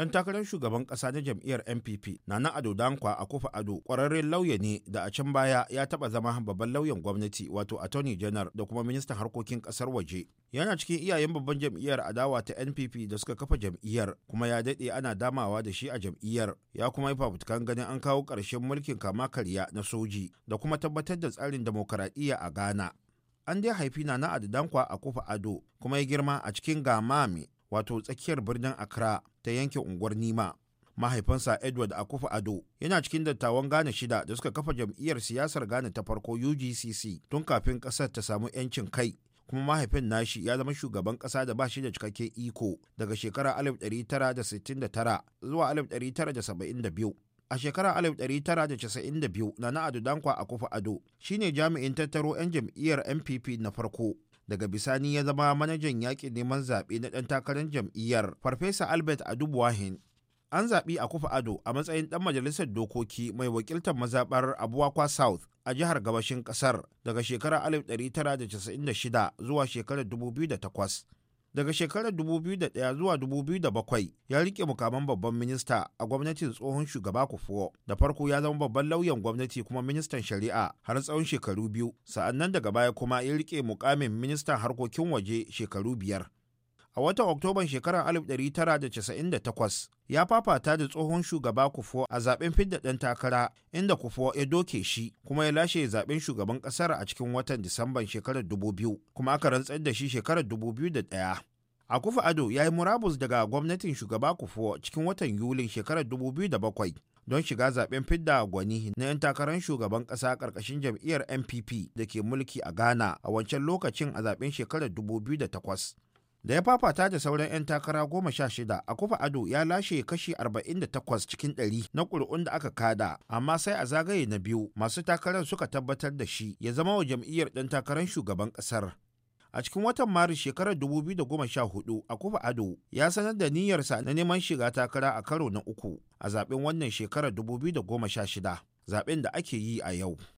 Ɗan takarar shugaban ƙasa na jam'iyyar NPP na Ado Dankwa a kufa Ado kwararren lauya ne da a can baya ya taɓa zama babban lauyan gwamnati wato Attorney General da kuma ministan harkokin ƙasar waje. Yana cikin iyayen babban jam'iyyar adawa ta NPP da suka kafa jam'iyyar kuma ya daɗe ana damawa da shi a jam'iyyar ya kuma yi fafutukan ganin an kawo ƙarshen mulkin kama karya na soji da kuma tabbatar da tsarin demokaradiyya a Ghana. An dai haifi Nana Ado Dankwa a kufa Ado kuma ya girma a cikin Gamami wato tsakiyar birnin Accra ta yanke unguwar Nima. Mahaifinsa Edward Akufu Ado yana cikin dattawan Ghana shida da suka kafa jam'iyyar siyasar Ghana ta farko UGCC tun kafin ƙasar ta samu 'yancin kai. kuma mahaifin nashi ya zama shugaban kasa da ba shi da cikakke iko daga shekara 1969 zuwa 1972 a shekarar 1992 na ado dankwa a ado shine jami'in tattaro 'yan jam'iyyar npp na farko daga bisani ya zama manajan yaƙin neman zaɓe na ɗan takarar jam'iyyar farfesa albert adubuwahin an zaɓi a kufa ado a matsayin ɗan majalisar dokoki mai wakiltar mazaɓar abuwakwa south a jihar gabashin ƙasar daga shekarar 1996 zuwa shekarar 2008 daga shekarar 2001 zuwa 2007 ya rike mukaman babban minista a gwamnatin tsohon shugaba kufuwa da farko ya zama babban lauyan gwamnati kuma ministan shari'a har tsawon shekaru biyu sa'an nan daga baya kuma ya rike mukamin ministan harkokin waje shekaru biyar a watan oktoban shekarar 1998 ya fafata da tsohon shugaba kufo a zaben fidda ɗan takara inda kufo ya doke shi kuma ya lashe zaben shugaban ƙasar a cikin watan disamban shekarar 2000 kuma aka rantsar da shi shekarar 2001 akufa ado ya yi murabus daga gwamnatin shugaba kufo cikin watan yulin shekarar 2007 don shiga zaben fidda gwani na 'yan takarar shugaban ƙasa ƙarƙashin jam'iyyar npp da ke mulki a ghana a wancan lokacin a zaben shekarar 2008 da ya fafata da sauran 'yan takara goma sha shida a kufa ado ya lashe kashi 48 cikin 100 na ƙuri'un da aka kada amma sai a zagaye na biyu masu takarar suka tabbatar da shi ya zama wa jam'iyyar ɗan takarar shugaban ƙasar a cikin watan maris shekarar 2014 a kufa ado ya sanar da niyyarsa na neman shiga takara a karo na uku a zaben wannan shekarar shida zaben da ake yi a yau